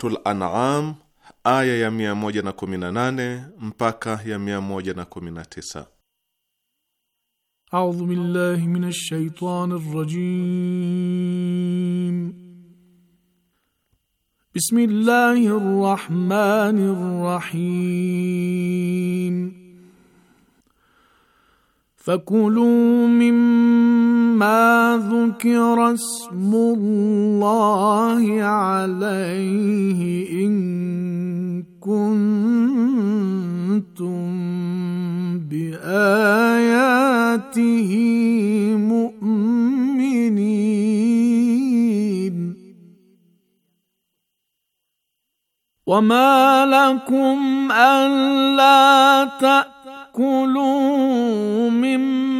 Suratul An'am aya ya 118 mpaka ya 119. A'udhu billahi minash shaitanir rajim. Bismillahir rahmanir rahim. فكلوا مما ذكر اسم الله عليه إن كنتم بآياته مؤمنين وما لكم ألا تأكلوا مما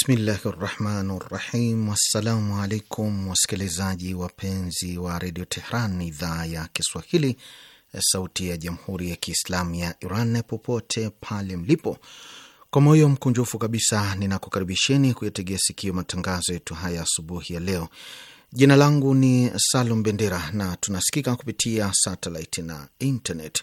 Bismillahi rahmani rahim. Wassalamu alaikum wasikilizaji wapenzi wa redio Tehran, idhaa ya Kiswahili, sauti ya jamhuri ya kiislamu ya Iran, popote pale mlipo, kwa moyo mkunjufu kabisa ninakukaribisheni kuyategea sikio matangazo yetu haya asubuhi ya leo. Jina langu ni Salum Bendera na tunasikika kupitia satelit na internet.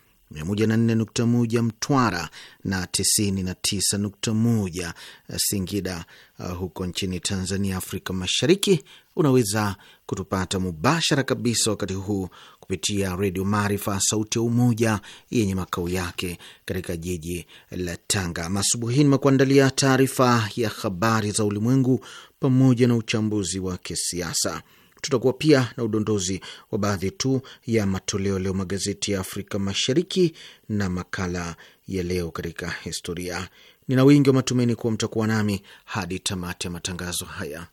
104.1 Mtwara na 99.1 Singida uh, huko nchini Tanzania, Afrika Mashariki. Unaweza kutupata mubashara kabisa wakati huu kupitia Redio Maarifa, sauti ya Umoja, yenye makao yake katika jiji la Tanga. Masubuhi nimekuandalia taarifa ya habari za ulimwengu pamoja na uchambuzi wa kisiasa tutakuwa pia na udondozi wa baadhi tu ya matoleo leo magazeti ya Afrika Mashariki na makala ya leo katika historia. Nina wingi wa matumaini kuwa mtakuwa nami hadi tamati ya matangazo haya.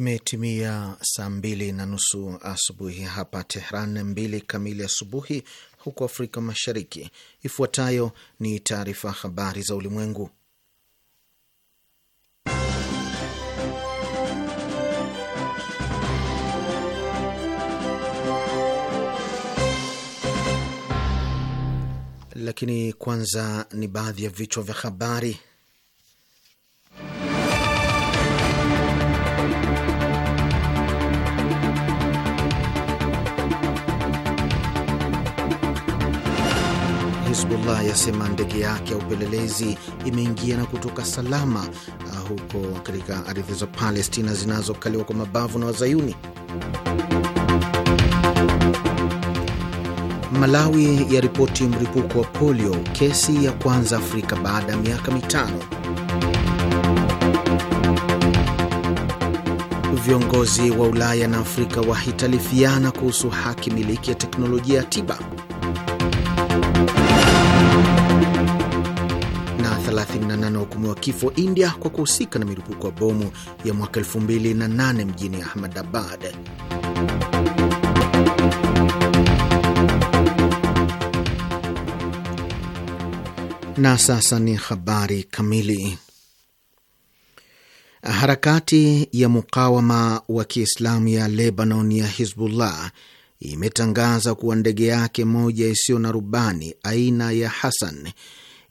Imetimia saa mbili na nusu asubuhi hapa Tehran, mbili kamili asubuhi huko Afrika Mashariki. Ifuatayo ni taarifa habari za ulimwengu, lakini kwanza ni baadhi ya vichwa vya habari. yasema ndege yake ya upelelezi imeingia na kutoka salama ah, huko katika ardhi za Palestina zinazokaliwa kwa mabavu na Wazayuni. Malawi yaripoti mripuko wa polio, kesi ya kwanza Afrika baada ya miaka mitano. Viongozi wa Ulaya na Afrika wahitalifiana kuhusu haki miliki ya teknolojia ya tiba. 38 hukumiwa kifo India kwa kuhusika na milipuko ya bomu ya mwaka 2008 mjini Ahmadabad. Na sasa ni habari kamili. Harakati ya mukawama wa Kiislamu ya Lebanon ya Hizbullah imetangaza kuwa ndege yake moja isiyo na rubani aina ya Hasan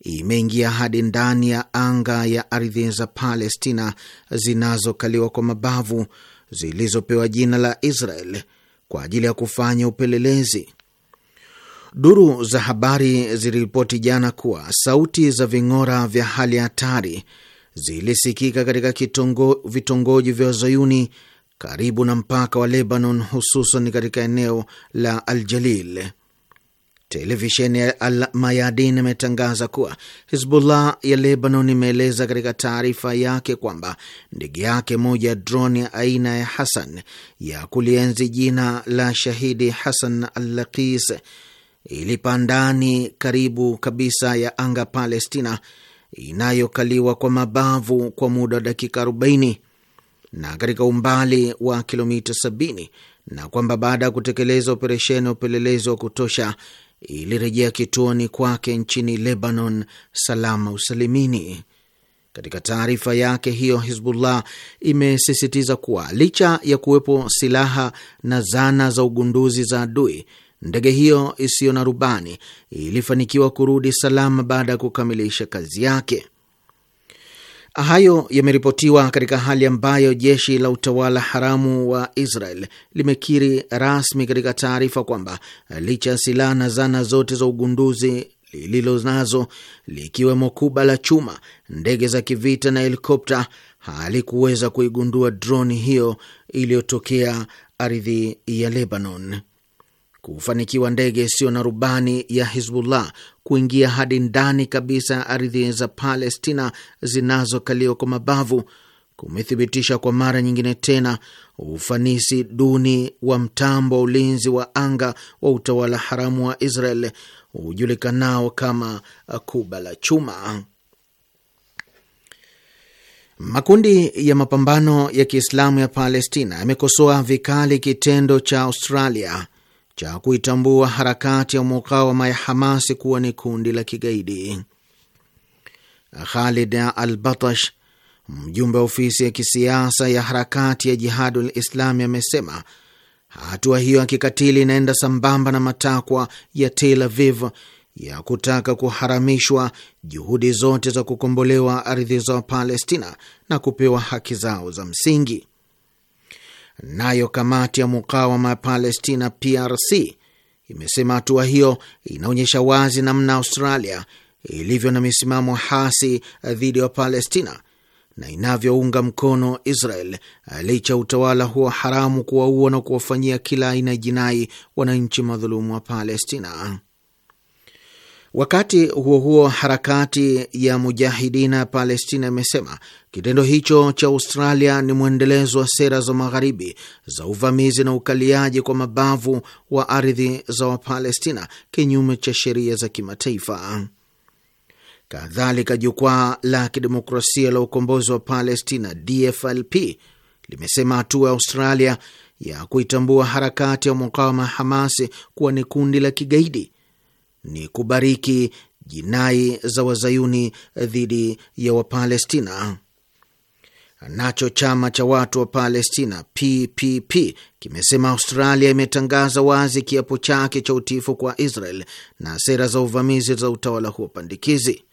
imeingia hadi ndani ya anga ya ardhi za Palestina zinazokaliwa kwa mabavu zilizopewa jina la Israel kwa ajili ya kufanya upelelezi. Duru za habari ziliripoti jana kuwa sauti za ving'ora vya hali hatari zilisikika katika kitongo, vitongoji vya wazayuni karibu na mpaka wa Lebanon, hususan katika eneo la Aljalil. Televisheni ya Al Mayadin imetangaza kuwa Hizbullah ya Lebanon imeeleza katika taarifa yake kwamba ndege yake moja ya droni ya aina ya Hasan ya kulienzi jina la shahidi Hasan Allakis ilipa ndani karibu kabisa ya anga Palestina inayokaliwa kwa mabavu kwa muda wa dakika 40 na katika umbali wa kilomita 70 na kwamba baada ya kutekeleza operesheni ya upelelezi wa kutosha ilirejea kituoni kwake nchini Lebanon salama usalimini. Katika taarifa yake hiyo, Hizbullah imesisitiza kuwa licha ya kuwepo silaha na zana za ugunduzi za adui, ndege hiyo isiyo na rubani ilifanikiwa kurudi salama baada ya kukamilisha kazi yake. Hayo yameripotiwa katika hali ambayo jeshi la utawala haramu wa Israel limekiri rasmi katika taarifa kwamba licha ya silaha na zana zote za ugunduzi lililo nazo likiwemo kuba la chuma, ndege za kivita na helikopta, halikuweza kuigundua droni hiyo iliyotokea ardhi ya Lebanon kufanikiwa ndege isiyo na rubani ya Hizbullah kuingia hadi ndani kabisa ya ardhi za Palestina zinazokaliwa kwa mabavu kumethibitisha kwa mara nyingine tena ufanisi duni wa mtambo wa ulinzi wa anga wa utawala haramu wa Israel hujulikanao kama kuba la chuma. Makundi ya mapambano ya Kiislamu ya Palestina yamekosoa vikali kitendo cha Australia cha kuitambua harakati ya mukawama ya Hamasi kuwa ni kundi la kigaidi. Khalid Al Batash, mjumbe wa ofisi ya kisiasa ya harakati ya Jihadul Islami, amesema hatua hiyo ya kikatili inaenda sambamba na matakwa ya Tel Aviv ya kutaka kuharamishwa juhudi zote za kukombolewa ardhi za Palestina na kupewa haki zao za msingi. Nayo kamati ya mukawama ya Palestina, PRC, imesema hatua hiyo inaonyesha wazi namna Australia ilivyo na misimamo hasi dhidi ya Palestina na inavyounga mkono Israel licha utawala huo haramu kuwaua na kuwafanyia kila aina ya jinai wananchi madhulumu wa Palestina. Wakati huo huo, harakati ya mujahidina Palestina imesema kitendo hicho cha Australia ni mwendelezo wa sera za magharibi za uvamizi na ukaliaji kwa mabavu wa ardhi za Wapalestina kinyume cha sheria za kimataifa. Kadhalika, jukwaa la kidemokrasia la ukombozi wa Palestina DFLP limesema hatua ya Australia ya kuitambua harakati ya mukawama hamas kuwa ni kundi la kigaidi ni kubariki jinai za wazayuni dhidi ya Wapalestina. Nacho chama cha watu wa Palestina PPP kimesema Australia imetangaza wazi kiapo chake cha utiifu kwa Israel na sera za uvamizi za utawala huo pandikizi.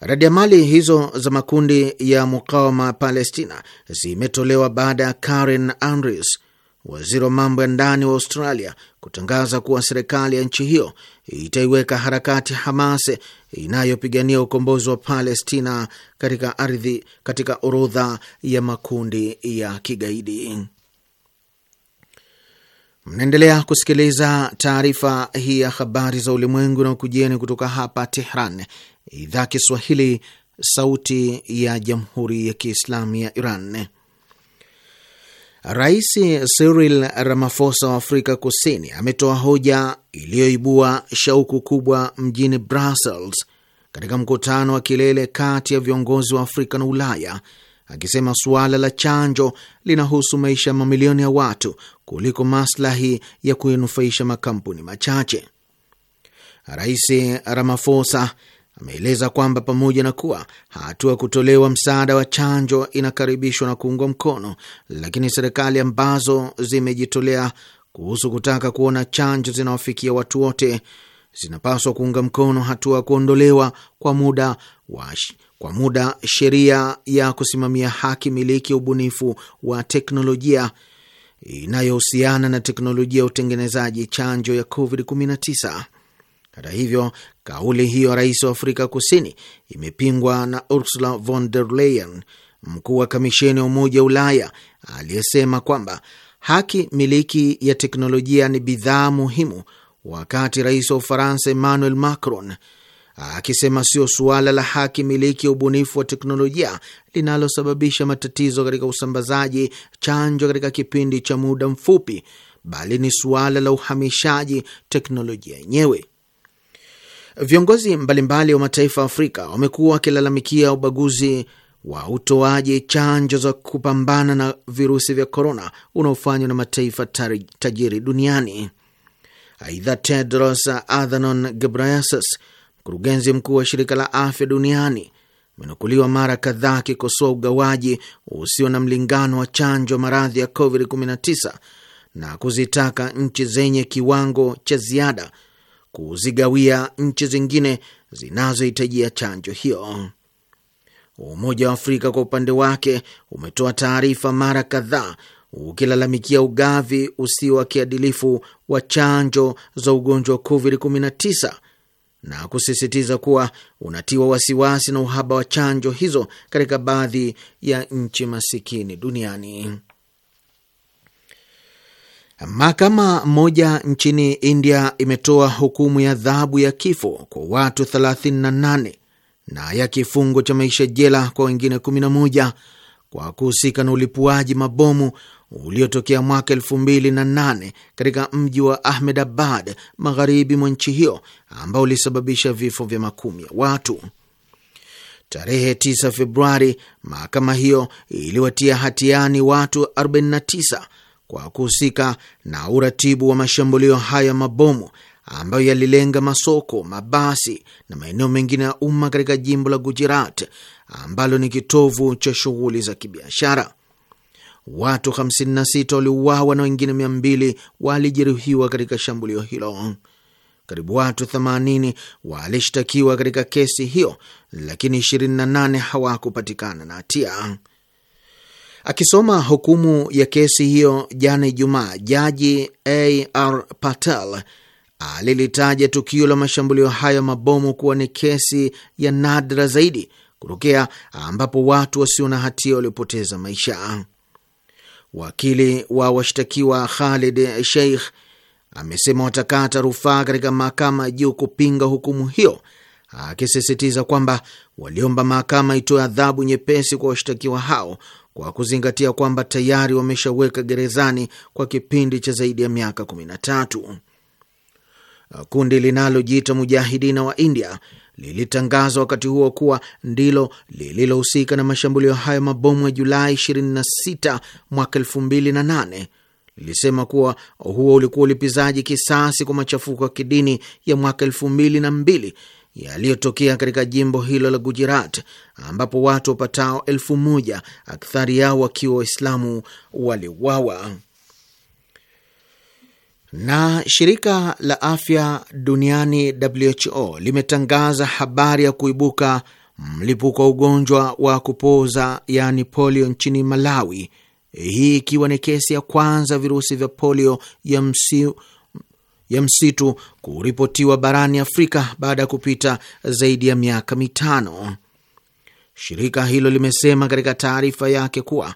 Radiamali hizo za makundi ya mukawama Palestina zimetolewa baada ya Karen Andrews waziri wa mambo ya ndani wa Australia kutangaza kuwa serikali ya nchi hiyo itaiweka harakati Hamas inayopigania ukombozi wa Palestina katika ardhi katika orodha ya makundi ya kigaidi. Mnaendelea kusikiliza taarifa hii ya habari za ulimwengu na ukujieni kutoka hapa Tehran, idhaa Kiswahili, sauti ya jamhuri ya kiislamu ya Iran. Rais Cyril Ramaphosa wa Afrika Kusini ametoa hoja iliyoibua shauku kubwa mjini Brussels katika mkutano wa kilele kati ya viongozi wa Afrika na Ulaya, akisema suala la chanjo linahusu maisha ya mamilioni ya watu kuliko maslahi ya kuinufaisha makampuni machache. Rais Ramaphosa ameeleza kwamba pamoja na kuwa hatua kutolewa msaada wa chanjo inakaribishwa na kuungwa mkono, lakini serikali ambazo zimejitolea kuhusu kutaka kuona chanjo zinawafikia watu wote zinapaswa kuunga mkono hatua ya kuondolewa kwa muda wa kwa muda sheria ya kusimamia haki miliki ya ubunifu wa teknolojia inayohusiana na teknolojia ya utengenezaji chanjo ya COVID-19. Hata hivyo, kauli hiyo rais wa Afrika Kusini imepingwa na Ursula von der Leyen, mkuu wa kamisheni ya Umoja wa Ulaya, aliyesema kwamba haki miliki ya teknolojia ni bidhaa muhimu, wakati rais wa Ufaransa Emmanuel Macron akisema sio suala la haki miliki ya ubunifu wa teknolojia linalosababisha matatizo katika usambazaji chanjo katika kipindi cha muda mfupi, bali ni suala la uhamishaji teknolojia yenyewe. Viongozi mbalimbali wa mataifa ya Afrika wamekuwa wakilalamikia ubaguzi wa utoaji chanjo za kupambana na virusi vya korona unaofanywa na mataifa tajiri duniani. Aidha, Tedros Adhanom Ghebreyesus, mkurugenzi mkuu wa shirika la afya duniani, amenukuliwa mara kadhaa akikosoa ugawaji usio na mlingano wa chanjo maradhi ya COVID-19 na kuzitaka nchi zenye kiwango cha ziada kuzigawia nchi zingine zinazohitajia chanjo hiyo. Umoja wa Afrika kwa upande wake umetoa taarifa mara kadhaa ukilalamikia ugavi usio wa kiadilifu wa chanjo za ugonjwa wa COVID-19 na kusisitiza kuwa unatiwa wasiwasi na uhaba wa chanjo hizo katika baadhi ya nchi masikini duniani. Mahakama moja nchini India imetoa hukumu ya adhabu ya kifo kwa watu 38 na ya kifungo cha maisha jela kwa wengine 11 kwa kuhusika na ulipuaji mabomu uliotokea mwaka 2008 katika mji wa Ahmedabad, magharibi mwa nchi hiyo, ambao ulisababisha vifo vya makumi ya watu. Tarehe 9 Februari, mahakama hiyo iliwatia hatiani watu 49 kwa kuhusika na uratibu wa mashambulio ya mabomu ambayo yalilenga masoko, mabasi na maeneo mengine ya umma katika jimbo la Gujarat ambalo ni kitovu cha shughuli za kibiashara. Watu 56 waliuawa na wengine 200 walijeruhiwa katika shambulio hilo. Karibu watu 80 walishtakiwa katika kesi hiyo, lakini 28 hawakupatikana na hatia. Akisoma hukumu ya kesi hiyo jana Ijumaa, jaji AR Patel alilitaja tukio la mashambulio hayo mabomu kuwa ni kesi ya nadra zaidi kutokea ambapo watu wasio na hatia waliopoteza maisha. Wakili wa washtakiwa Khalid Sheikh amesema watakata rufaa katika mahakama ya juu kupinga hukumu hiyo, akisisitiza kwamba waliomba mahakama itoe adhabu nyepesi kwa washtakiwa hao kwa kuzingatia kwamba tayari wameshaweka gerezani kwa kipindi cha zaidi ya miaka 13. Kundi linalojiita Mujahidina wa India lilitangazwa wakati huo kuwa ndilo lililohusika na mashambulio hayo mabomu ya Julai 26 mwaka 2008. Lilisema kuwa huo ulikuwa ulipizaji kisasi kwa machafuko ya kidini ya mwaka 2002 yaliyotokea katika jimbo hilo la Gujarat ambapo watu wapatao elfu moja akthari yao wakiwa Waislamu waliuawa. Na shirika la afya duniani WHO limetangaza habari ya kuibuka mlipuko wa ugonjwa wa kupoza yaani polio nchini Malawi, hii ikiwa ni kesi ya kwanza virusi vya polio ya msimu ya msitu kuripotiwa barani Afrika baada ya kupita zaidi ya miaka mitano. Shirika hilo limesema katika taarifa yake kuwa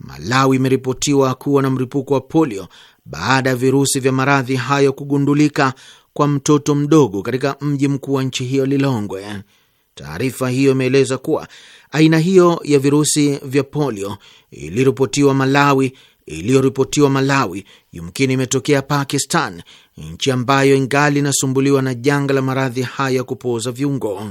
Malawi imeripotiwa kuwa na mlipuko wa polio baada ya virusi vya maradhi hayo kugundulika kwa mtoto mdogo katika mji mkuu wa nchi hiyo Lilongwe. Taarifa hiyo imeeleza kuwa aina hiyo ya virusi vya polio iliripotiwa Malawi iliyoripotiwa Malawi yumkini imetokea Pakistan, nchi ambayo ingali inasumbuliwa na janga la maradhi haya ya kupooza viungo.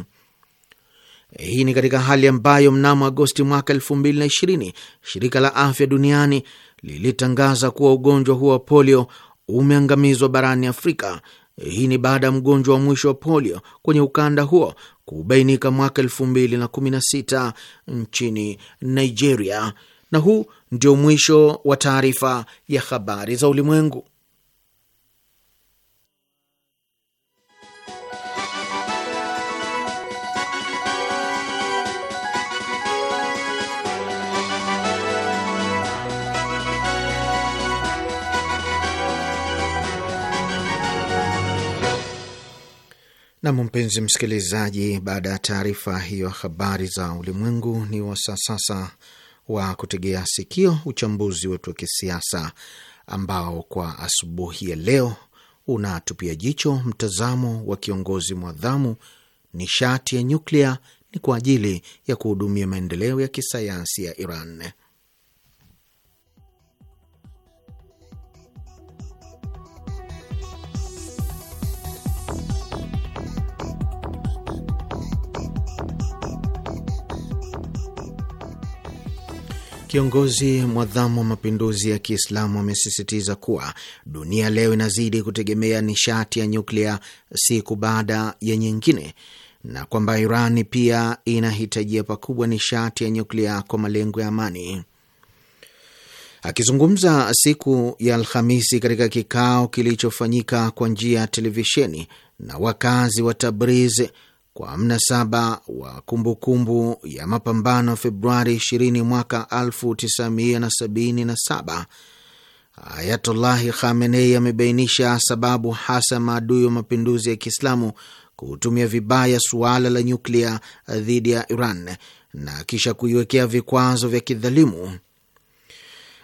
Hii ni katika hali ambayo mnamo Agosti mwaka 2020 shirika la afya duniani lilitangaza kuwa ugonjwa huo wa polio umeangamizwa barani Afrika. Hii ni baada ya mgonjwa wa mwisho wa polio kwenye ukanda huo kubainika mwaka 2016 nchini Nigeria na huu ndio mwisho wa taarifa ya habari za ulimwengu. Nam, mpenzi msikilizaji, baada ya taarifa hiyo habari za ulimwengu, ni wasaa sasa wa kutegea sikio uchambuzi wetu wa kisiasa ambao kwa asubuhi ya leo unatupia jicho mtazamo wa kiongozi mwadhamu, nishati ya nyuklia ni kwa ajili ya kuhudumia maendeleo ya kisayansi ya Iran. Kiongozi mwadhamu wa mapinduzi ya Kiislamu amesisitiza kuwa dunia leo inazidi kutegemea nishati ya nyuklia siku baada ya nyingine na kwamba Irani pia inahitajia pakubwa nishati ya nyuklia kwa malengo ya amani. Akizungumza siku ya Alhamisi katika kikao kilichofanyika kwa njia ya televisheni na wakazi wa Tabriz kwa mnasaba wa kumbukumbu kumbu ya mapambano Februari 20 mwaka 1977, Ayatullahi Khamenei amebainisha sababu hasa maadui wa mapinduzi ya Kiislamu kutumia vibaya suala la nyuklia dhidi ya Iran na kisha kuiwekea vikwazo vya kidhalimu.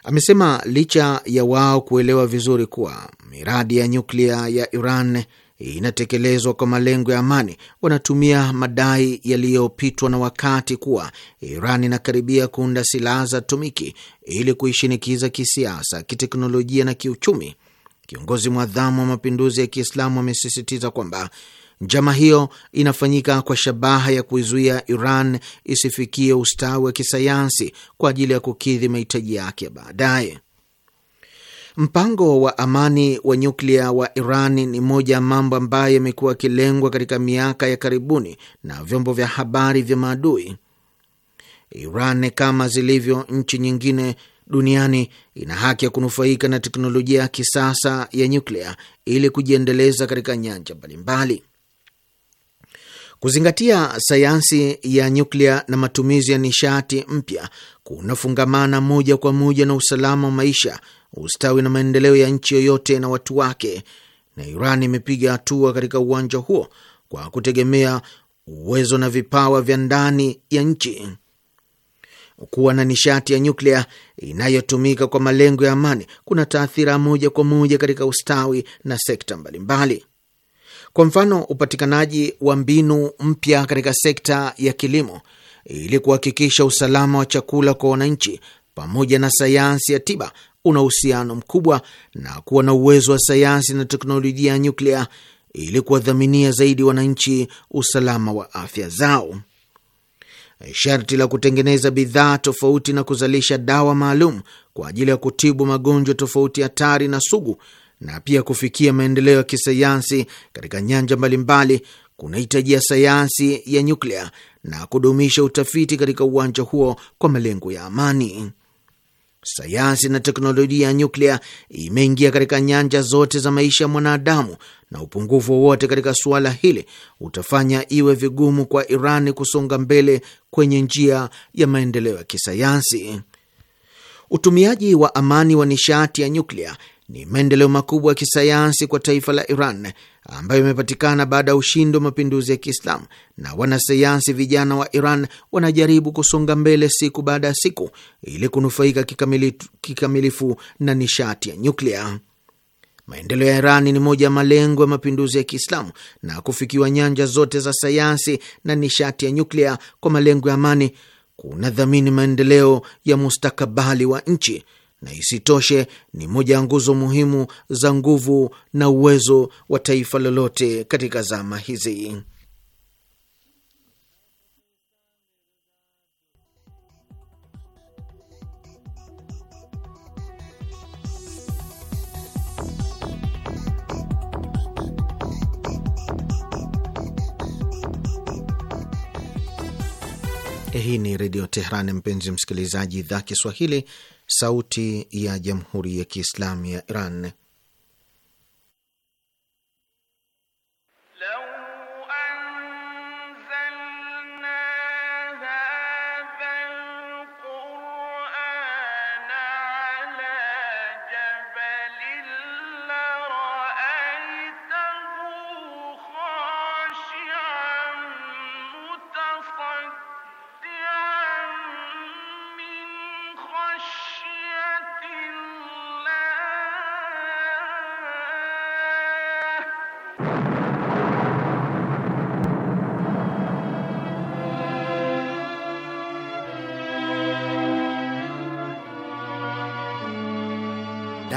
Amesema licha ya wao kuelewa vizuri kuwa miradi ya nyuklia ya Iran inatekelezwa kwa malengo ya amani, wanatumia madai yaliyopitwa na wakati kuwa Iran inakaribia kuunda silaha za atomiki ili kuishinikiza kisiasa, kiteknolojia na kiuchumi. Kiongozi mwadhamu wa mapinduzi ya Kiislamu amesisitiza kwamba njama hiyo inafanyika kwa shabaha ya kuizuia Iran isifikie ustawi wa kisayansi kwa ajili ya kukidhi mahitaji yake ya baadaye. Mpango wa amani wa nyuklia wa Iran ni moja ya mambo ambayo yamekuwa yakilengwa katika miaka ya karibuni na vyombo vya habari vya maadui. Iran kama zilivyo nchi nyingine duniani ina haki ya kunufaika na teknolojia ya kisasa ya nyuklia ili kujiendeleza katika nyanja mbalimbali. Kuzingatia sayansi ya nyuklia na matumizi ya nishati mpya kunafungamana moja kwa moja na usalama wa maisha ustawi na maendeleo ya nchi yoyote na watu wake, na Iran imepiga hatua katika uwanja huo kwa kutegemea uwezo na vipawa vya ndani ya nchi. Kuwa na nishati ya nyuklia inayotumika kwa malengo ya amani kuna taathira moja kwa moja katika ustawi na sekta mbalimbali. Kwa mfano, upatikanaji wa mbinu mpya katika sekta ya kilimo ili kuhakikisha usalama wa chakula kwa wananchi pamoja na sayansi ya tiba una uhusiano mkubwa na kuwa na uwezo wa sayansi na teknolojia ya nyuklia ili kuwadhaminia zaidi wananchi usalama wa afya zao. Sharti la kutengeneza bidhaa tofauti na kuzalisha dawa maalum kwa ajili ya kutibu magonjwa tofauti hatari na sugu, na pia kufikia maendeleo ya kisayansi katika nyanja mbalimbali kunahitajia sayansi ya nyuklia na kudumisha utafiti katika uwanja huo kwa malengo ya amani. Sayansi na teknolojia ya nyuklia imeingia katika nyanja zote za maisha ya mwanadamu, na upungufu wowote katika suala hili utafanya iwe vigumu kwa Iran kusonga mbele kwenye njia ya maendeleo ya kisayansi. Utumiaji wa amani wa nishati ya nyuklia ni maendeleo makubwa ya kisayansi kwa taifa la Iran ambayo imepatikana baada ya ushindi wa mapinduzi ya Kiislamu, na wanasayansi vijana wa Iran wanajaribu kusonga mbele siku baada ya siku ili kunufaika kikamilifu na nishati ya nyuklia. Maendeleo ya iran ni moja ya malengo ya mapinduzi ya Kiislamu na kufikiwa nyanja zote za sayansi na nishati ya nyuklia kwa malengo ya amani kunadhamini maendeleo ya mustakabali wa nchi na isitoshe ni moja ya nguzo muhimu za nguvu na uwezo wa taifa lolote katika zama hizi. Hii ni Redio Teheran, mpenzi msikilizaji, idhaa Kiswahili, Sauti ya Jamhuri ya Kiislamu ya Iran.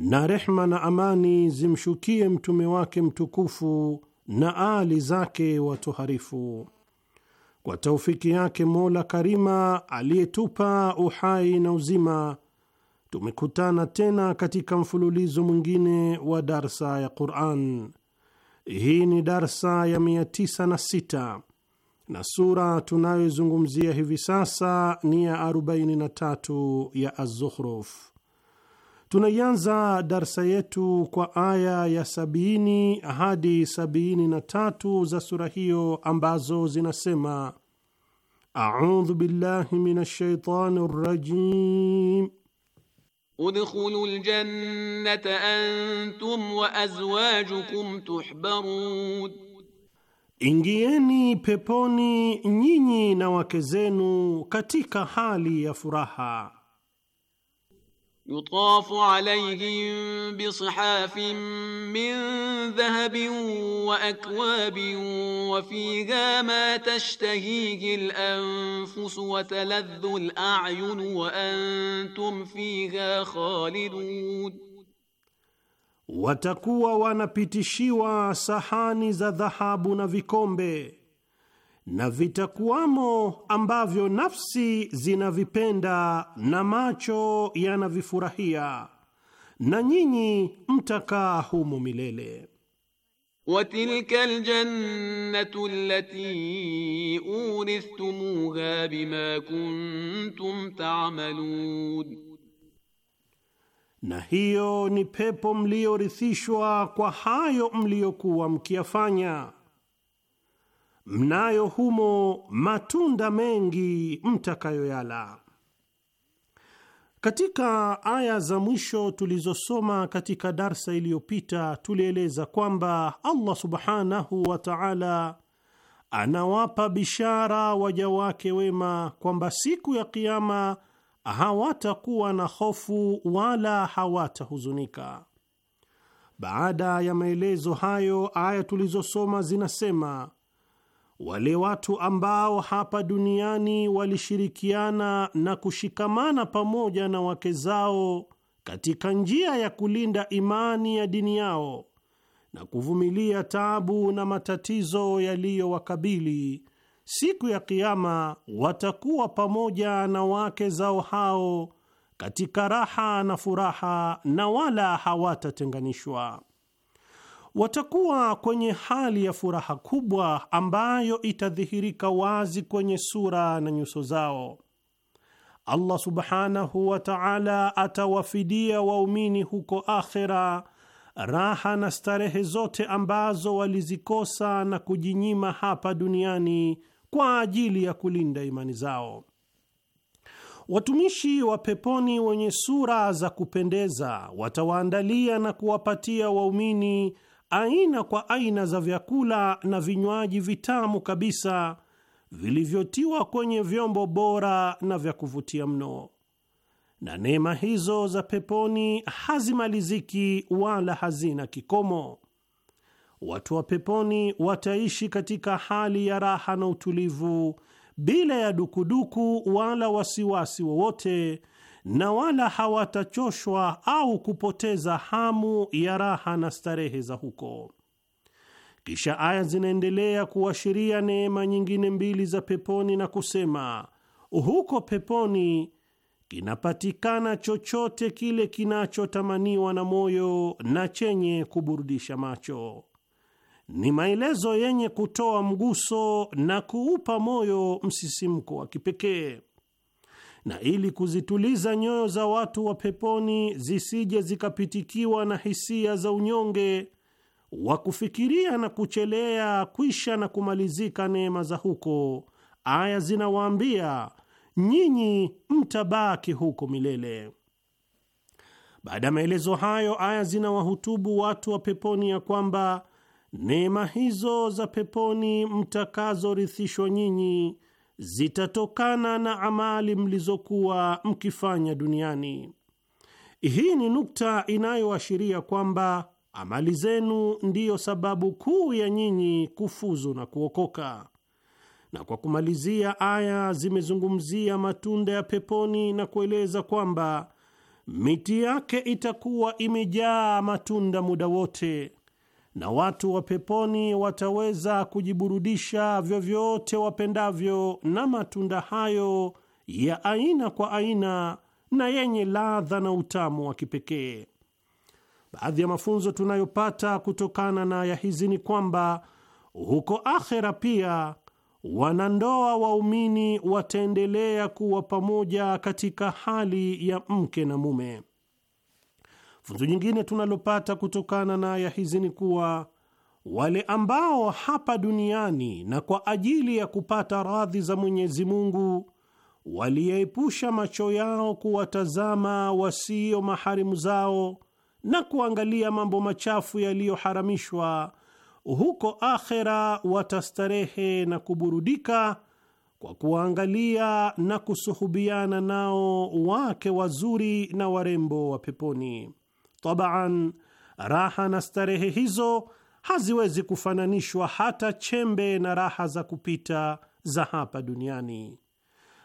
na rehma na amani zimshukie mtume wake mtukufu na aali zake watoharifu. Kwa taufiki yake Mola Karima aliyetupa uhai na uzima, tumekutana tena katika mfululizo mwingine wa darsa ya Quran. Hii ni darsa ya 96 na sura tunayozungumzia hivi sasa ni ya 43 ya Az-Zukhruf. Tunaianza darsa yetu kwa aya ya sabini hadi sabini na tatu za sura hiyo ambazo zinasema: audhu billahi min shaitani rajim udkhulu ljannata antum wa azwajukum tuhbarun, ingieni peponi nyinyi na wake zenu katika hali ya furaha يطاف عليهم بصحاف من ذهب واكواب وفيها ما تشتهيه الانفس وتلذ الاعين وانتم فيها خالدون watakuwa wanapitishiwa sahani za dhahabu na vikombe na vitakuwamo ambavyo nafsi zinavipenda na macho yanavifurahia, na nyinyi mtakaa humo milele. wa tilka aljannatu allati urithtumuha bima kuntum ta'malun, na hiyo ni pepo mliyorithishwa kwa hayo mliyokuwa mkiyafanya mnayo humo matunda mengi mtakayoyala. Katika aya za mwisho tulizosoma katika darsa iliyopita, tulieleza kwamba Allah subhanahu wa ta'ala anawapa bishara waja wake wema kwamba siku ya Kiama hawatakuwa na hofu wala hawatahuzunika. Baada ya maelezo hayo, aya tulizosoma zinasema wale watu ambao hapa duniani walishirikiana na kushikamana pamoja na wake zao katika njia ya kulinda imani ya dini yao na kuvumilia taabu na matatizo yaliyowakabili, siku ya Kiama watakuwa pamoja na wake zao hao katika raha na furaha, na wala hawatatenganishwa watakuwa kwenye hali ya furaha kubwa ambayo itadhihirika wazi kwenye sura na nyuso zao. Allah subhanahu wa ta'ala atawafidia waumini huko akhera raha na starehe zote ambazo walizikosa na kujinyima hapa duniani kwa ajili ya kulinda imani zao. Watumishi wa peponi wenye sura za kupendeza watawaandalia na kuwapatia waumini aina kwa aina za vyakula na vinywaji vitamu kabisa vilivyotiwa kwenye vyombo bora na vya kuvutia mno, na neema hizo za peponi hazimaliziki wala hazina kikomo. Watu wa peponi wataishi katika hali ya raha na utulivu bila ya dukuduku wala wasiwasi wowote wa na wala hawatachoshwa au kupoteza hamu ya raha na starehe za huko. Kisha aya zinaendelea kuashiria neema nyingine mbili za peponi na kusema, huko peponi kinapatikana chochote kile kinachotamaniwa na moyo na chenye kuburudisha macho. Ni maelezo yenye kutoa mguso na kuupa moyo msisimko wa kipekee na ili kuzituliza nyoyo za watu wa peponi zisije zikapitikiwa na hisia za unyonge wa kufikiria na kuchelea kwisha na kumalizika neema za huko, aya zinawaambia nyinyi mtabaki huko milele. Baada ya maelezo hayo, aya zinawahutubu watu wa peponi ya kwamba neema hizo za peponi mtakazorithishwa nyinyi zitatokana na amali mlizokuwa mkifanya duniani. Hii ni nukta inayoashiria kwamba amali zenu ndiyo sababu kuu ya nyinyi kufuzu na kuokoka. Na kwa kumalizia, aya zimezungumzia matunda ya peponi na kueleza kwamba miti yake itakuwa imejaa matunda muda wote na watu wa peponi wataweza kujiburudisha vyovyote wapendavyo na matunda hayo ya aina kwa aina na yenye ladha na utamu wa kipekee. Baadhi ya mafunzo tunayopata kutokana na aya hizi ni kwamba huko akhera pia wanandoa waumini wataendelea kuwa pamoja katika hali ya mke na mume. Funzo nyingine tunalopata kutokana na aya hizi ni kuwa wale ambao hapa duniani na kwa ajili ya kupata radhi za Mwenyezi Mungu waliyeepusha macho yao kuwatazama wasio maharimu zao na kuangalia mambo machafu yaliyoharamishwa, huko akhera watastarehe na kuburudika kwa kuwaangalia na kusuhubiana nao wake wazuri na warembo wa peponi. Taban, raha na starehe hizo haziwezi kufananishwa hata chembe na raha za kupita za hapa duniani.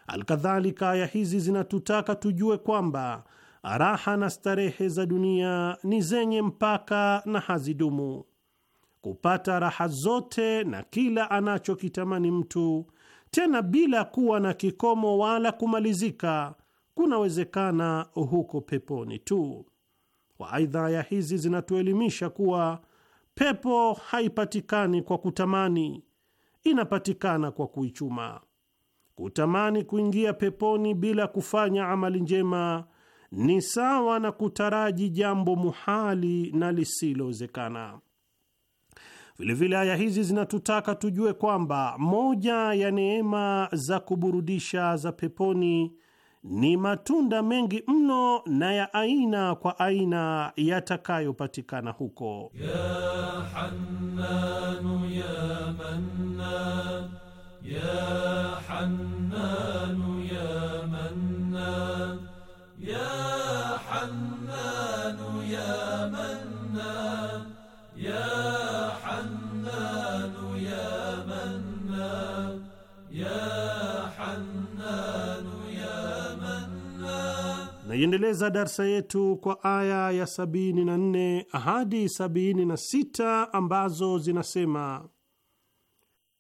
Alkadhalika, aya hizi zinatutaka tujue kwamba raha na starehe za dunia ni zenye mpaka na hazidumu. Kupata raha zote na kila anachokitamani mtu, tena bila kuwa na kikomo wala kumalizika, kunawezekana huko peponi tu aidha aya hizi zinatuelimisha kuwa pepo haipatikani kwa kutamani, inapatikana kwa kuichuma. Kutamani kuingia peponi bila kufanya amali njema ni sawa na kutaraji jambo muhali na lisilowezekana. Vilevile aya hizi zinatutaka tujue kwamba moja ya neema za kuburudisha za peponi ni matunda mengi mno na ya aina kwa aina yatakayopatikana huko Tunaiendeleza darsa yetu kwa aya ya 74 hadi 76 ambazo zinasema: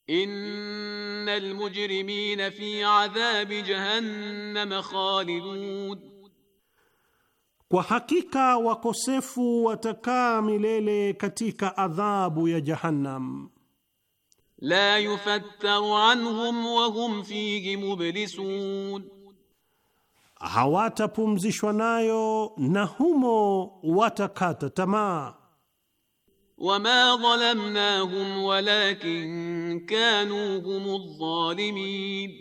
innal mujrimina fi adhabi jahannam khalidun, kwa hakika wakosefu watakaa milele katika adhabu ya Jahannam. La yufattaru anhum wa hum fihi mublisun hawatapumzishwa nayo na humo watakata tamaa. Wama dhalamnahum walakin kanu humu dhalimin,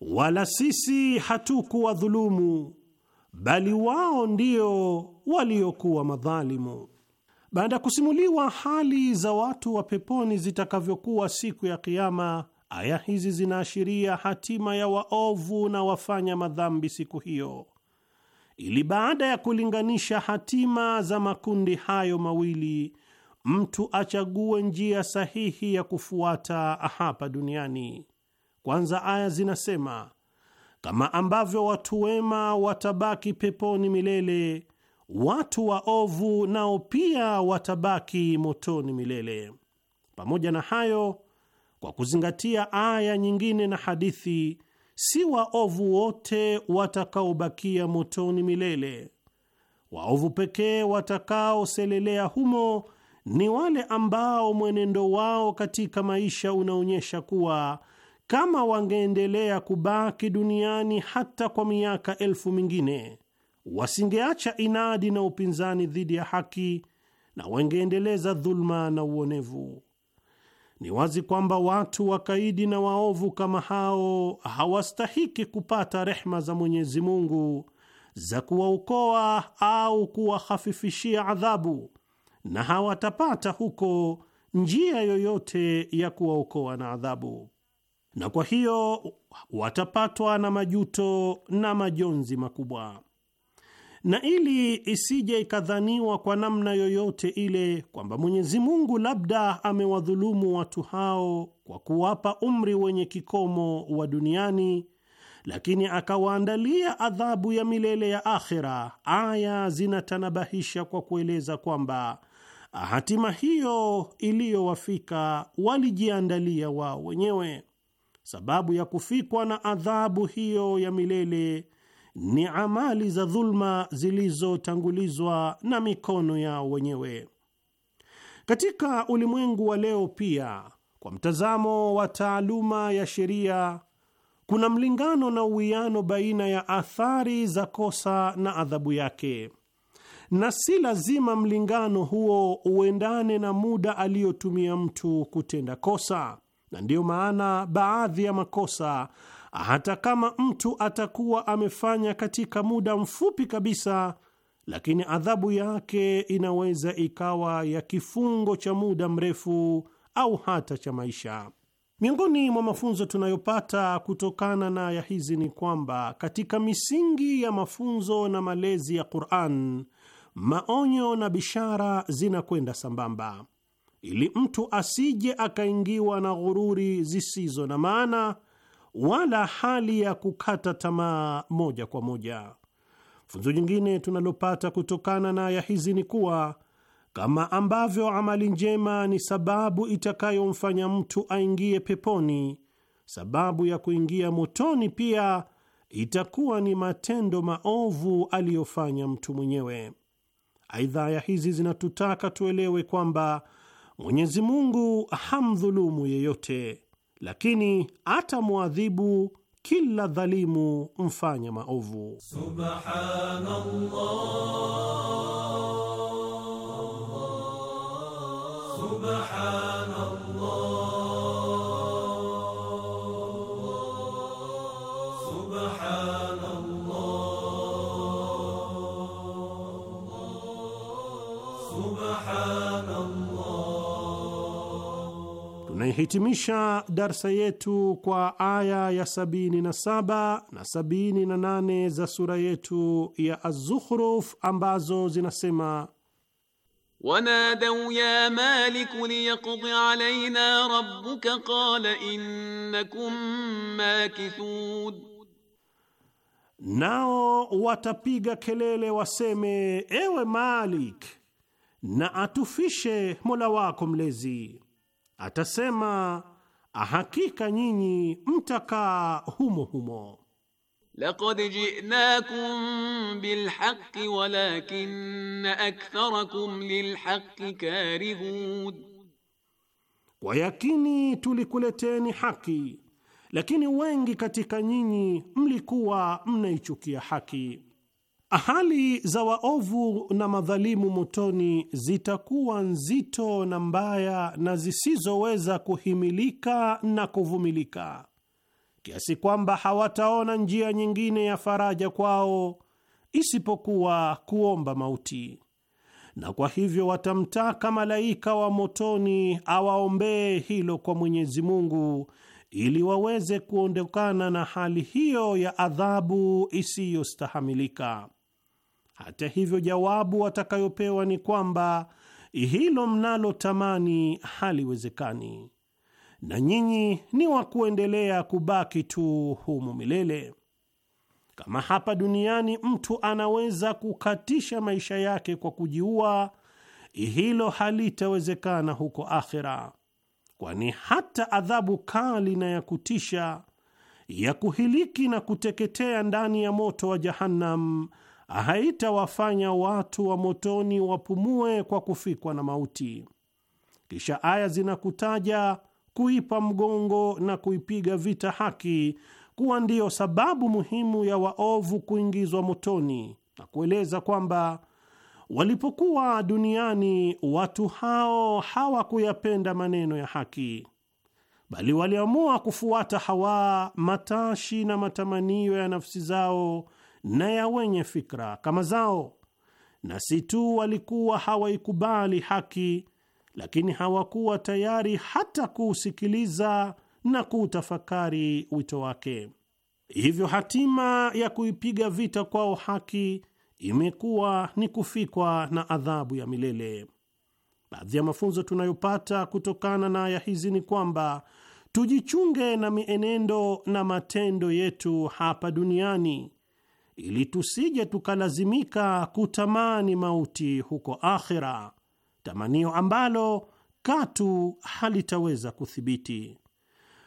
wala sisi hatukuwadhulumu bali wao ndio waliokuwa madhalimu. Baada ya kusimuliwa hali za watu wa peponi zitakavyokuwa siku ya Kiyama, Aya hizi zinaashiria hatima ya waovu na wafanya madhambi siku hiyo, ili baada ya kulinganisha hatima za makundi hayo mawili, mtu achague njia sahihi ya kufuata hapa duniani. Kwanza aya zinasema kama ambavyo watu wema watabaki peponi milele, watu waovu nao pia watabaki motoni milele. Pamoja na hayo kwa kuzingatia aya nyingine na hadithi, si waovu wote watakaobakia motoni milele. Waovu pekee watakaoselelea humo ni wale ambao mwenendo wao katika maisha unaonyesha kuwa kama wangeendelea kubaki duniani hata kwa miaka elfu mingine, wasingeacha inadi na upinzani dhidi ya haki na wangeendeleza dhuluma na uonevu. Ni wazi kwamba watu wakaidi na waovu kama hao hawastahiki kupata rehma za Mwenyezi Mungu za kuwaokoa au kuwahafifishia adhabu, na hawatapata huko njia yoyote ya kuwaokoa na adhabu, na kwa hiyo watapatwa na majuto na majonzi makubwa na ili isije ikadhaniwa kwa namna yoyote ile kwamba Mwenyezi Mungu labda amewadhulumu watu hao kwa kuwapa umri wenye kikomo wa duniani, lakini akawaandalia adhabu ya milele ya akhera. Aya zinatanabahisha kwa kueleza kwamba hatima hiyo iliyowafika walijiandalia wao wenyewe. Sababu ya kufikwa na adhabu hiyo ya milele ni amali za dhulma zilizotangulizwa na mikono yao wenyewe. Katika ulimwengu wa leo pia, kwa mtazamo wa taaluma ya sheria, kuna mlingano na uwiano baina ya athari za kosa na adhabu yake, na si lazima mlingano huo uendane na muda aliyotumia mtu kutenda kosa, na ndiyo maana baadhi ya makosa hata kama mtu atakuwa amefanya katika muda mfupi kabisa, lakini adhabu yake inaweza ikawa ya kifungo cha muda mrefu au hata cha maisha. Miongoni mwa mafunzo tunayopata kutokana na aya hizi ni kwamba katika misingi ya mafunzo na malezi ya Qur'an, maonyo na bishara zinakwenda sambamba, ili mtu asije akaingiwa na ghururi zisizo na maana wala hali ya kukata tamaa moja kwa moja. Funzo jingine tunalopata kutokana na aya hizi ni kuwa kama ambavyo amali njema ni sababu itakayomfanya mtu aingie peponi, sababu ya kuingia motoni pia itakuwa ni matendo maovu aliyofanya mtu mwenyewe. Aidha, aya hizi zinatutaka tuelewe kwamba Mwenyezi Mungu hamdhulumu yeyote lakini atamwadhibu kila dhalimu mfanya maovu. Subhanallah, Subhanallah. Tunaihitimisha darsa yetu kwa aya ya 77 na 78 za sura yetu ya Az-Zukhruf ambazo zinasema: wanadau ya maliku liyaqdi alaina rabbuka qala innakum makithud, nao watapiga kelele waseme, ewe Malik, na atufishe Mola wako mlezi atasema hakika nyinyi mtakaa humo humo. Laqad ji'nakum bilhaqqi walakinna aktharakum lilhaqqi karihun, kwa yakini tulikuleteni haki, lakini wengi katika nyinyi mlikuwa mnaichukia haki hali za waovu na madhalimu motoni zitakuwa nzito na mbaya na zisizoweza kuhimilika na kuvumilika, kiasi kwamba hawataona njia nyingine ya faraja kwao isipokuwa kuomba mauti, na kwa hivyo watamtaka malaika wa motoni awaombee hilo kwa Mwenyezi Mungu ili waweze kuondokana na hali hiyo ya adhabu isiyostahamilika. Hata hivyo, jawabu watakayopewa ni kwamba hilo mnalotamani haliwezekani na nyinyi ni wa kuendelea kubaki tu humu milele. Kama hapa duniani mtu anaweza kukatisha maisha yake kwa kujiua, hilo halitawezekana huko akhera, kwani hata adhabu kali na ya kutisha ya kuhiliki na kuteketea ndani ya moto wa Jahannam haitawafanya watu wa motoni wapumue kwa kufikwa na mauti. Kisha aya zinakutaja kuipa mgongo na kuipiga vita haki kuwa ndiyo sababu muhimu ya waovu kuingizwa motoni na kueleza kwamba walipokuwa duniani watu hao hawakuyapenda maneno ya haki, bali waliamua kufuata hawa matashi na matamanio ya nafsi zao na ya wenye fikra kama zao, na si tu walikuwa hawaikubali haki, lakini hawakuwa tayari hata kuusikiliza na kuutafakari wito wake. Hivyo hatima ya kuipiga vita kwao haki imekuwa ni kufikwa na adhabu ya milele. Baadhi ya mafunzo tunayopata kutokana na aya hizi ni kwamba tujichunge na mienendo na matendo yetu hapa duniani ili tusije tukalazimika kutamani mauti huko akhira, tamanio ambalo katu halitaweza kuthibiti.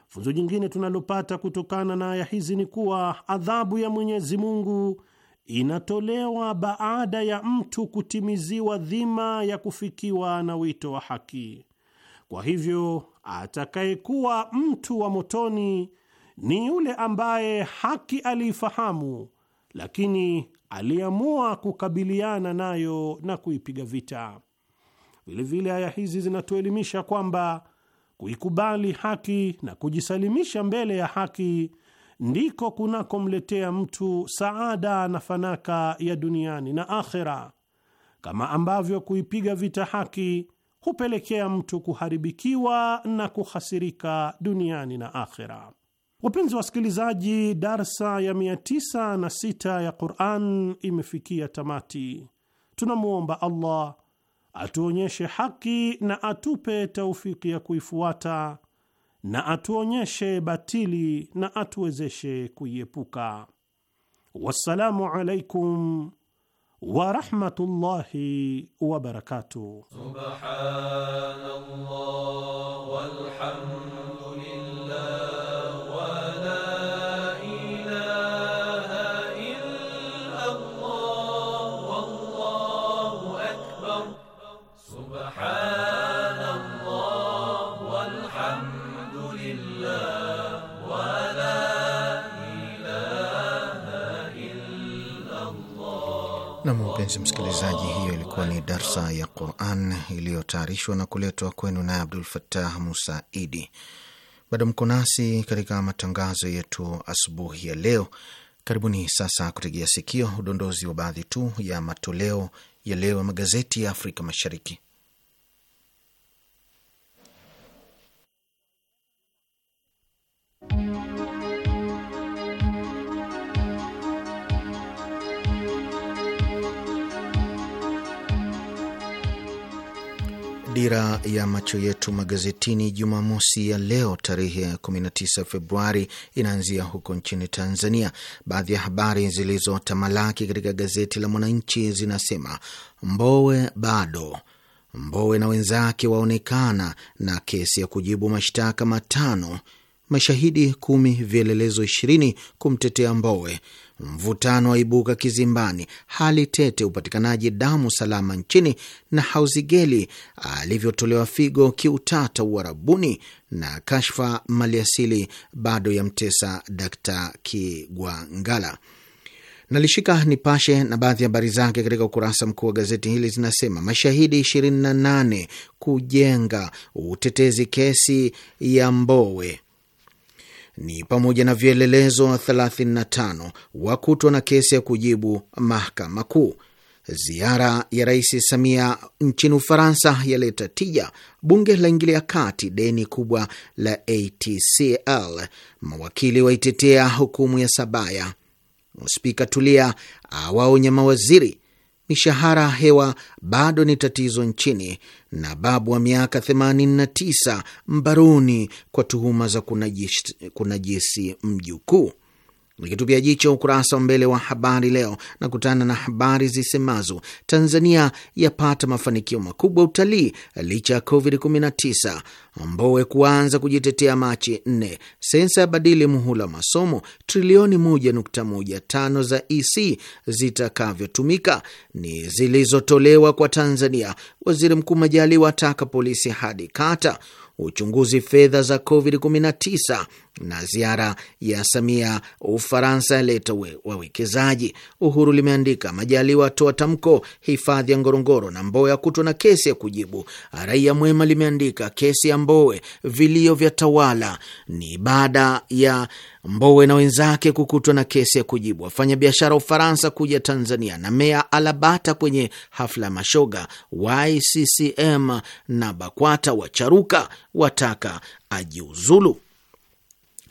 Funzo jingine tunalopata kutokana na aya hizi ni kuwa adhabu ya Mwenyezi Mungu inatolewa baada ya mtu kutimiziwa dhima ya kufikiwa na wito wa haki. Kwa hivyo, atakayekuwa mtu wa motoni ni yule ambaye haki aliifahamu lakini aliamua kukabiliana nayo na kuipiga vita. Vilevile, aya hizi zinatuelimisha kwamba kuikubali haki na kujisalimisha mbele ya haki ndiko kunakomletea mtu saada na fanaka ya duniani na akhera, kama ambavyo kuipiga vita haki hupelekea mtu kuharibikiwa na kuhasirika duniani na akhera. Wapenzi wasikilizaji, darsa ya 96 ya Quran imefikia tamati. Tunamwomba Allah atuonyeshe haki na atupe taufiki ya kuifuata na atuonyeshe batili na atuwezeshe kuiepuka. Wassalamu alaikum warahmatullahi wabarakatuh. Subhanallah. Mpenzi msikilizaji, hiyo ilikuwa ni darsa ya Quran iliyotayarishwa na kuletwa kwenu naye Abdul fatah Musa Idi. Bado mko nasi katika matangazo yetu asubuhi ya leo. Karibuni sasa kutegea sikio udondozi wa baadhi tu ya matoleo ya leo ya magazeti ya Afrika Mashariki. dira ya macho yetu magazetini Jumamosi ya leo tarehe ya 19 Februari inaanzia huko nchini Tanzania. Baadhi ya habari zilizotamalaki katika gazeti la Mwananchi zinasema Mbowe bado Mbowe na wenzake waonekana na kesi ya kujibu mashtaka matano mashahidi kumi, vielelezo ishirini kumtetea Mbowe, mvutano waibuka kizimbani, hali tete upatikanaji damu salama nchini, na Hauzigeli alivyotolewa figo kiutata uharabuni na kashfa maliasili bado ya mtesa Dkt Kigwangala. Nalishika Nipashe na baadhi ya habari zake katika ukurasa mkuu wa gazeti hili zinasema: mashahidi 28 kujenga utetezi kesi ya Mbowe, ni pamoja na vielelezo 35 wakutwa na kesi ya kujibu mahakama kuu. Ziara ya Rais Samia nchini Ufaransa yaleta tija. Bunge la ingilia kati deni kubwa la ATCL. Mawakili waitetea hukumu ya Sabaya. Spika Tulia awaonya mawaziri mishahara ya hewa bado ni tatizo nchini na babu wa miaka 89 mbaroni kwa tuhuma za kunajisi, kunajisi mjukuu. Nikitupia jicho ukurasa wa mbele wa habari leo, na kutana na habari zisemazo Tanzania yapata mafanikio makubwa utalii licha ya COVID-19, Mbowe kuanza kujitetea Machi 4, sensa ya badili muhula wa masomo, trilioni 1.15 za EC zitakavyotumika ni zilizotolewa kwa Tanzania, waziri mkuu Majaliwa ataka polisi hadi kata uchunguzi fedha za COVID-19 na ziara ya Samia Ufaransa yaleta wawekezaji. Uhuru limeandika Majaliwa atoa tamko, hifadhi ya Ngorongoro na Mbowe akutwa na kesi ya kujibu. Raia Mwema limeandika kesi ya Mbowe, vilio vya tawala ni ibada ya Mbowe na wenzake kukutwa na kesi ya kujibu, wafanyabiashara wa Ufaransa kuja Tanzania, na meya Alabata kwenye hafla ya mashoga, YCCM na BAKWATA wacharuka wataka ajiuzulu.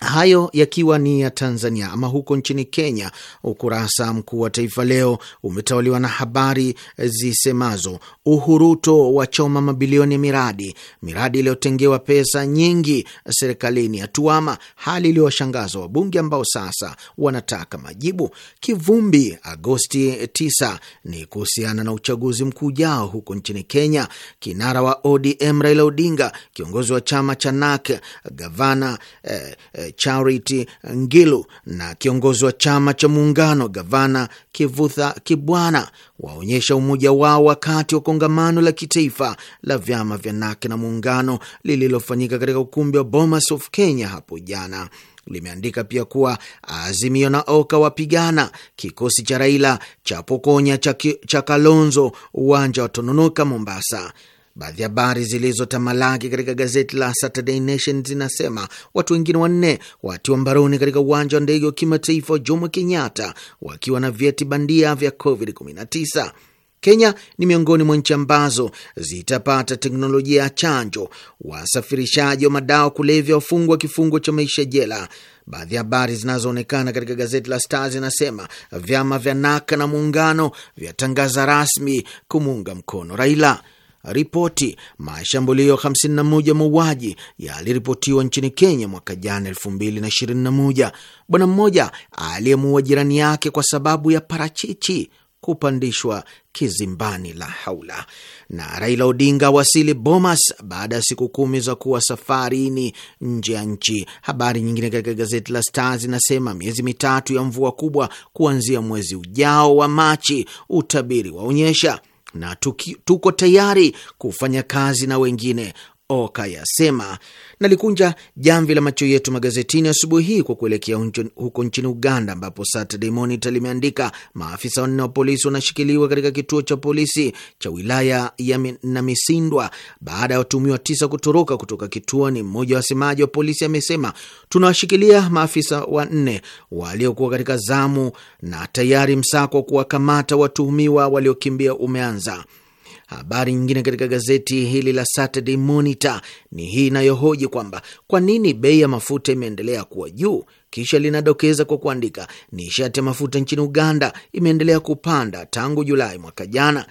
Hayo yakiwa ni ya Tanzania. Ama huko nchini Kenya, ukurasa mkuu wa Taifa Leo umetawaliwa na habari zisemazo Uhuruto wa choma mabilioni miradi, miradi iliyotengewa pesa nyingi serikalini yatuama, hali iliyowashangaza wabunge ambao sasa wanataka majibu. Kivumbi Agosti 9 ni kuhusiana na uchaguzi mkuu ujao huko nchini Kenya. Kinara wa ODM Raila Odinga, kiongozi wa chama cha NAK, gavana eh, eh, Charity Ngilu na kiongozi wa chama cha muungano gavana Kivutha Kibwana waonyesha umoja wao wakati wa kongamano la kitaifa la vyama vya nake na muungano lililofanyika katika ukumbi wa Bomas of Kenya hapo jana. Limeandika pia kuwa Azimio na Oka wapigana, kikosi cha Raila cha pokonya cha Kalonzo uwanja wa Tononoka Mombasa. Baadhi ya habari zilizotamalaki katika gazeti la Saturday Nation zinasema watu wengine wanne watiwa mbaroni katika uwanja wa ndege wa kimataifa wa Jomo Kenyatta wakiwa na vyeti bandia vya COVID-19. Kenya ni miongoni mwa nchi ambazo zitapata teknolojia ya chanjo. Wasafirishaji wa madawa kulevya wafungwa kifungo cha maisha jela. Baadhi ya habari zinazoonekana katika gazeti la Star zinasema vyama vya Naka na Muungano vyatangaza rasmi kumuunga mkono Raila ripoti mashambulio 51 mauaji yaliripotiwa nchini Kenya mwaka jana 2021. Bwana mmoja aliyemuua jirani yake kwa sababu ya parachichi kupandishwa kizimbani. La haula! Na Raila Odinga wasili Bomas baada ya siku kumi za kuwa safarini nje ya nchi. Habari nyingine katika gazeti la Star zinasema miezi mitatu ya mvua kubwa kuanzia mwezi ujao wa Machi, utabiri waonyesha na tuki, tuko tayari kufanya kazi na wengine. Oka yasema nalikunja jamvi la macho yetu magazetini asubuhi hii kwa kuelekea huko nchini Uganda, ambapo Saturday Monitor limeandika maafisa wanne wa polisi wanashikiliwa katika kituo cha polisi cha wilaya ya Namisindwa baada ya watuhumiwa tisa kutoroka kutoka kituoni. Mmoja wa wasemaji wa polisi amesema, tunawashikilia maafisa wanne waliokuwa katika zamu na tayari msako wa kuwakamata watuhumiwa waliokimbia umeanza. Habari nyingine katika gazeti hili la Saturday Monitor ni hii inayohoji kwamba kwa nini bei ya mafuta imeendelea kuwa juu, kisha linadokeza kwa kuandika nishati ya mafuta nchini Uganda imeendelea kupanda tangu Julai mwaka jana.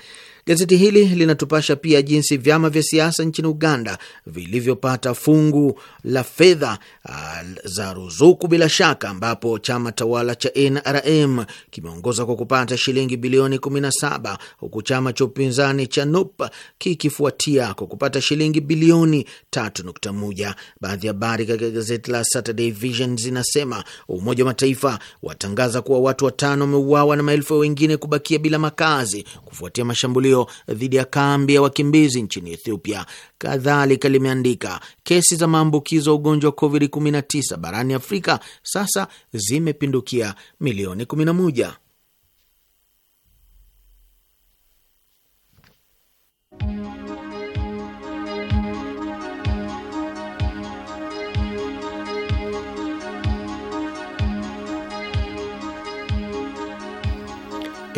Gazeti hili linatupasha pia jinsi vyama vya siasa nchini Uganda vilivyopata fungu la fedha ah, za ruzuku, bila shaka, ambapo chama tawala cha NRM kimeongoza kwa kupata shilingi bilioni 17 huku chama cha upinzani cha NUP kikifuatia kwa kupata shilingi bilioni 3.1. Baadhi ya habari katika gazeti la Saturday Vision zinasema Umoja wa Mataifa watangaza kuwa watu watano wameuawa na maelfu wengine kubakia bila makazi kufuatia mashambulio hiyo dhidi ya kambi ya wakimbizi nchini Ethiopia. Kadhalika limeandika kesi za maambukizo ya ugonjwa wa COVID-19 barani Afrika sasa zimepindukia milioni 11.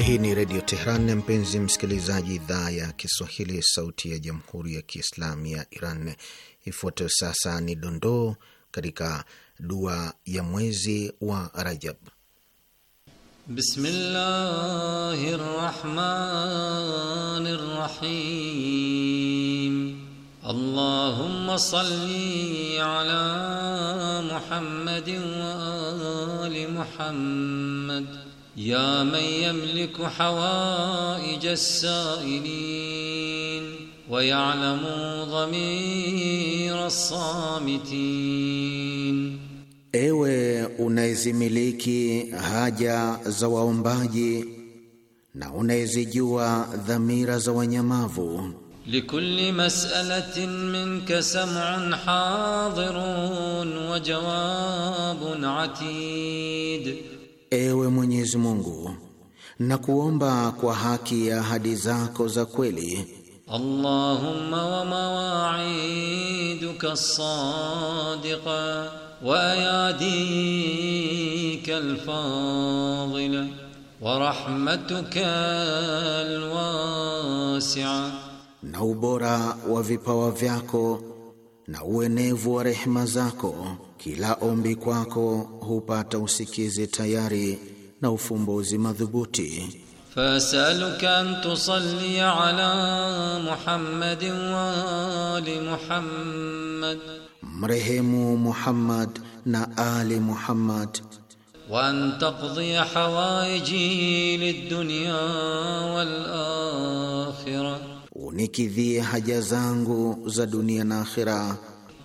Hii ni Redio Tehran, mpenzi msikilizaji, idhaa ya Kiswahili, sauti ya jamhuri ya kiislamu ya Iran. Ifuatayo sasa ni dondoo katika dua ya mwezi wa Rajab. rahim. Allahumma salli ala Muhammadin wa ali Muhammad يا من يملك حوائج السائلين ويعلم ضمير الصامتين ewe unayezimiliki haja za waombaji na جوا dhamira za wanyamavu لكل مسألة منك سمع حاضر وجواب عتيد Ewe Mwenyezi Mungu, na kuomba kwa haki ya ahadi zako za kweli. Allahumma wa mawa'iduka sadiqa wa yadika al-fadila wa rahmatuka al-wasi'a, na ubora wa vipawa vyako na uenevu wa rehema zako. Kila ombi kwako hupata usikizi tayari na ufumbuzi madhubuti. fasaluka an tusalli ala Muhammadin wa ali Muhammad, mrehemu Muhammad na ali Muhammad wa an taqdi hawaiji lid dunya wal akhirah unikidhie haja zangu za dunia na akhira.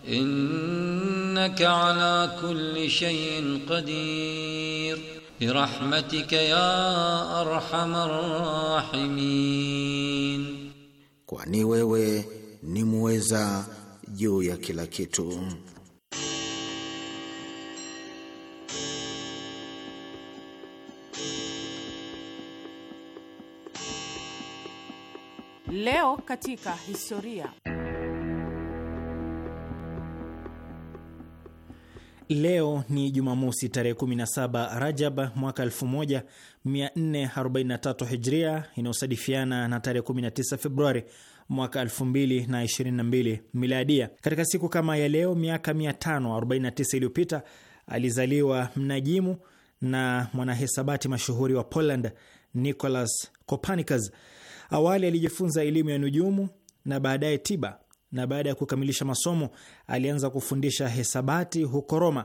Innaka ala kulli shay'in qadir bi rahmatika ya arhamar rahimin, kwani wewe ni muweza juu ya kila kitu. Leo katika historia. Leo ni Jumamosi tarehe 17 Rajab mwaka 1443 Hijria, inayosadifiana na tarehe 19 Februari mwaka 2022 Miladia. Katika siku kama ya leo miaka 549 iliyopita alizaliwa mnajimu na mwanahesabati mashuhuri wa Poland Nicolas Copernicus. Awali alijifunza elimu ya nujumu na baadaye tiba, na baada ya kukamilisha masomo alianza kufundisha hesabati huko Roma.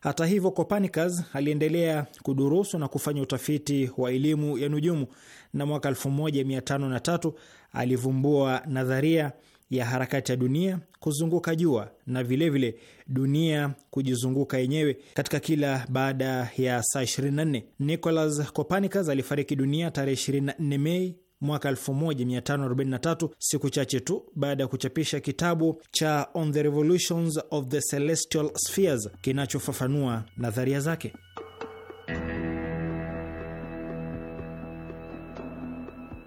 Hata hivyo, Copernicus aliendelea kudurusu na kufanya utafiti wa elimu ya nujumu, na mwaka 1503 alivumbua nadharia ya harakati ya dunia kuzunguka jua na vilevile vile dunia kujizunguka yenyewe katika kila baada ya saa 24. Nicolas Copernicus alifariki dunia tarehe 24 Mei mwaka 1543 siku chache tu baada ya kuchapisha kitabu cha On the Revolutions of the Celestial Spheres kinachofafanua nadharia zake.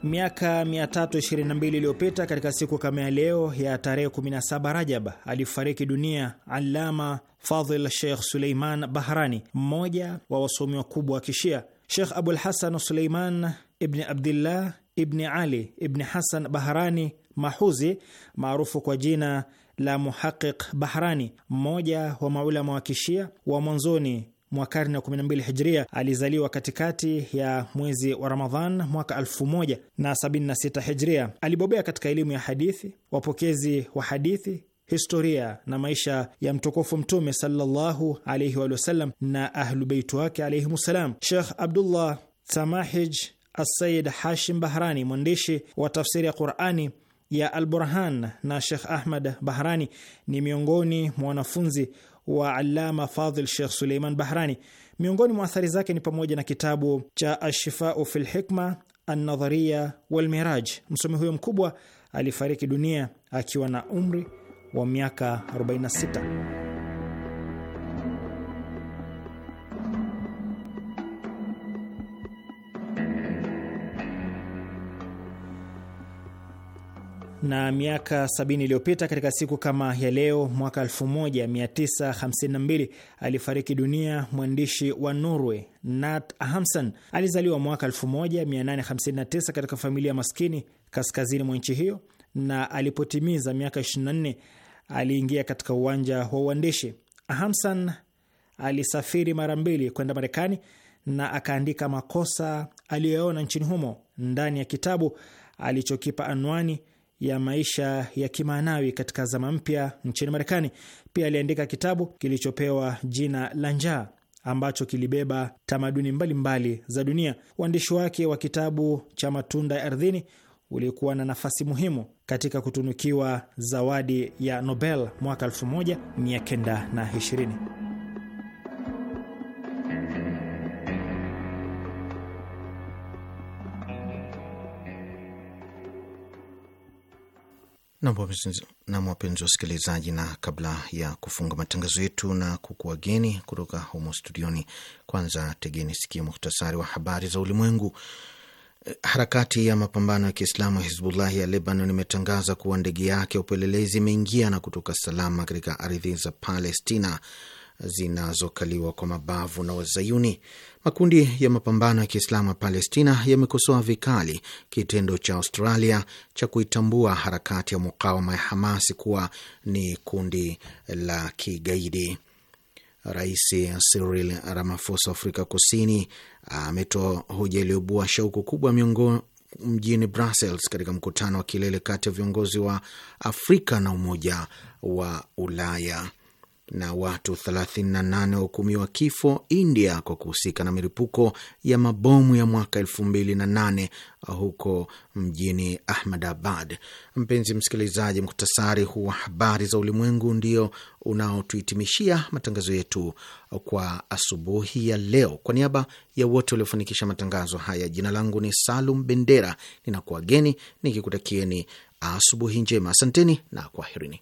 Miaka 322 iliyopita katika siku kama ya leo ya tarehe 17 Rajab alifariki dunia Allama Fadhil Sheikh Suleiman Bahrani, mmoja wa wasomi wakubwa wa Kishia. Sheikh Abul Hasan Suleiman Ibni Abdillah Ibni Ali Ibni Hasan Bahrani Mahuzi maarufu kwa jina la Muhaqiq Bahrani, mmoja wa maulama wa kishia wa mwanzoni mwa karne ya 12 hijria. Alizaliwa katikati ya mwezi wa Ramadhan mwaka 1076 hijria. Alibobea katika elimu ya hadithi, wapokezi wa hadithi, historia na maisha ya mtukufu Mtume sallallahu alaihi wa sallam na ahlu beiti wake alaihimsalam. Shekh Abdullah Samahij Asayid Hashim Bahrani, mwandishi wa tafsiri ya Qurani ya Al Burhan, na Shekh Ahmad Bahrani ni miongoni mwa wanafunzi wa alama Fadhil Shekh Suleiman Bahrani. Miongoni mwa athari zake ni pamoja na kitabu cha Ashifau fi lhikma Annadharia Walmiraj. Msomi huyo mkubwa alifariki dunia akiwa na umri wa miaka 46. na miaka 70 iliyopita katika siku kama ya leo mwaka 1952 alifariki dunia mwandishi wa Norway Nat Hamsan. Alizaliwa mwaka 1859 katika familia maskini kaskazini mwa nchi hiyo, na alipotimiza miaka 24 aliingia katika uwanja wa uandishi. Hamsan alisafiri mara mbili kwenda Marekani na akaandika makosa aliyoyaona nchini humo ndani ya kitabu alichokipa anwani ya maisha ya kimaanawi katika zama mpya nchini Marekani. Pia aliandika kitabu kilichopewa jina la Njaa ambacho kilibeba tamaduni mbalimbali mbali za dunia. Uandishi wake wa kitabu cha Matunda ya Ardhini ulikuwa na nafasi muhimu katika kutunukiwa zawadi ya Nobel mwaka 1920. Nam, wapenzi wasikilizaji, na kabla ya kufunga matangazo yetu na kukuwageni kutoka humo studioni, kwanza tegeni sikia muhtasari wa habari za ulimwengu. Harakati ya mapambano ya Kiislamu Hizbullah ya Lebanon imetangaza kuwa ndege yake ya upelelezi imeingia na kutoka salama katika ardhi za Palestina zinazokaliwa kwa mabavu na Wazayuni. Makundi ya mapambano ya Kiislamu ya Palestina yamekosoa vikali kitendo cha Australia cha kuitambua harakati ya mukawama ya Hamasi kuwa ni kundi la kigaidi. Rais Cyril Ramaphosa wa Afrika Kusini ametoa hoja iliyobua shauku kubwa miongo mjini Brussels katika mkutano wa kilele kati ya viongozi wa Afrika na Umoja wa Ulaya na watu 38 wahukumiwa kifo India kwa kuhusika na milipuko ya mabomu ya mwaka 2008 huko mjini Ahmedabad. Mpenzi msikilizaji, muktasari huu wa habari za ulimwengu ndio unaotuhitimishia matangazo yetu kwa asubuhi ya leo. Kwa niaba ya wote waliofanikisha matangazo haya, jina langu ni Salum Bendera, ninakuwageni nikikutakieni asubuhi njema. Asanteni na kwaherini.